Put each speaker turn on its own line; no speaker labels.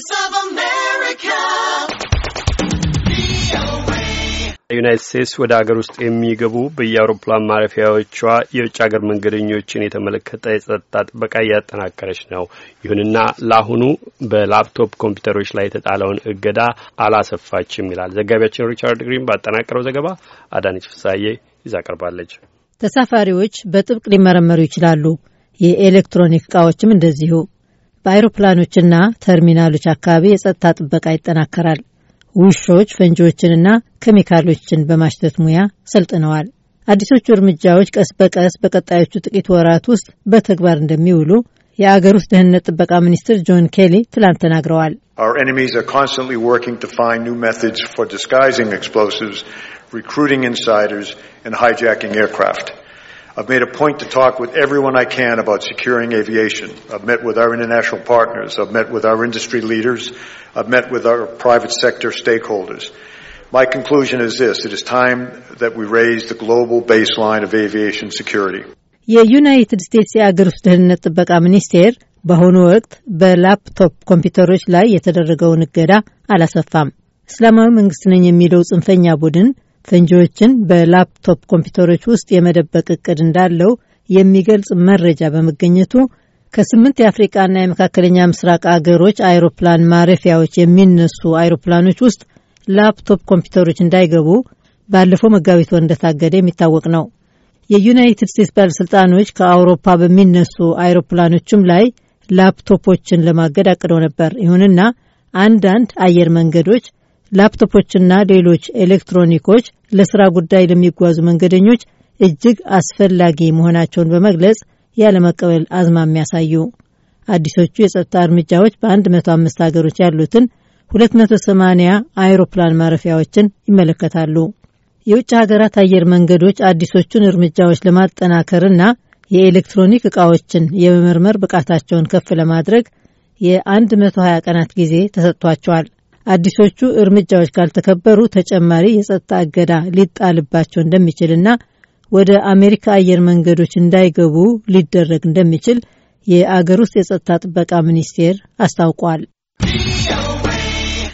Voice of America.
ዩናይት ስቴትስ ወደ አገር ውስጥ የሚገቡ በየአውሮፕላን ማረፊያዎቿ የውጭ አገር መንገደኞችን የተመለከተ የጸጥታ ጥበቃ እያጠናከረች ነው። ይሁንና ለአሁኑ በላፕቶፕ ኮምፒውተሮች ላይ የተጣለውን እገዳ አላሰፋችም ይላል ዘጋቢያችን ሪቻርድ ግሪን ባጠናቀረው ዘገባ። አዳነች ፍሳዬ ይዛ ቀርባለች።
ተሳፋሪዎች በጥብቅ ሊመረመሩ ይችላሉ። የኤሌክትሮኒክ እቃዎችም እንደዚሁ በአይሮፕላኖችና ተርሚናሎች አካባቢ የጸጥታ ጥበቃ ይጠናከራል። ውሾች ፈንጂዎችንና ኬሚካሎችን በማሽተት ሙያ ሰልጥነዋል። አዲሶቹ እርምጃዎች ቀስ በቀስ በቀጣዮቹ ጥቂት ወራት ውስጥ በተግባር እንደሚውሉ የአገር ውስጥ ደህንነት ጥበቃ ሚኒስትር ጆን ኬሊ ትላንት ተናግረዋል።
I've made a point to talk with everyone I can about securing aviation. I've met with our international partners. I've met with our industry leaders. I've met with our private sector stakeholders. My conclusion is this. It is time that we raise the global baseline of aviation security.
የዩናይትድ ስቴትስ የአገር ውስጥ ደህንነት ጥበቃ ሚኒስቴር በአሁኑ ወቅት በላፕቶፕ ኮምፒውተሮች ላይ የተደረገውን እገዳ አላሰፋም። እስላማዊ መንግስት ነኝ የሚለው ጽንፈኛ ቡድን ፈንጂዎችን በላፕቶፕ ኮምፒውተሮች ውስጥ የመደበቅ እቅድ እንዳለው የሚገልጽ መረጃ በመገኘቱ ከስምንት የአፍሪቃና የመካከለኛ ምስራቅ አገሮች አይሮፕላን ማረፊያዎች የሚነሱ አይሮፕላኖች ውስጥ ላፕቶፕ ኮምፒውተሮች እንዳይገቡ ባለፈው መጋቢት ወር እንደታገደ የሚታወቅ ነው። የዩናይትድ ስቴትስ ባለሥልጣኖች ከአውሮፓ በሚነሱ አይሮፕላኖችም ላይ ላፕቶፖችን ለማገድ አቅደው ነበር። ይሁንና አንዳንድ አየር መንገዶች ላፕቶፖችና ሌሎች ኤሌክትሮኒኮች ለስራ ጉዳይ ለሚጓዙ መንገደኞች እጅግ አስፈላጊ መሆናቸውን በመግለጽ ያለመቀበል አዝማሚያ ያሳዩ። አዲሶቹ የጸጥታ እርምጃዎች በ105 ሀገሮች ያሉትን 280 አይሮፕላን ማረፊያዎችን ይመለከታሉ። የውጭ ሀገራት አየር መንገዶች አዲሶቹን እርምጃዎች ለማጠናከርና የኤሌክትሮኒክ ዕቃዎችን የመመርመር ብቃታቸውን ከፍ ለማድረግ የ120 ቀናት ጊዜ ተሰጥቷቸዋል። አዲሶቹ እርምጃዎች ካልተከበሩ ተጨማሪ የጸጥታ እገዳ ሊጣልባቸው እንደሚችልና ወደ አሜሪካ አየር መንገዶች እንዳይገቡ ሊደረግ እንደሚችል የአገር ውስጥ የጸጥታ ጥበቃ ሚኒስቴር አስታውቋል።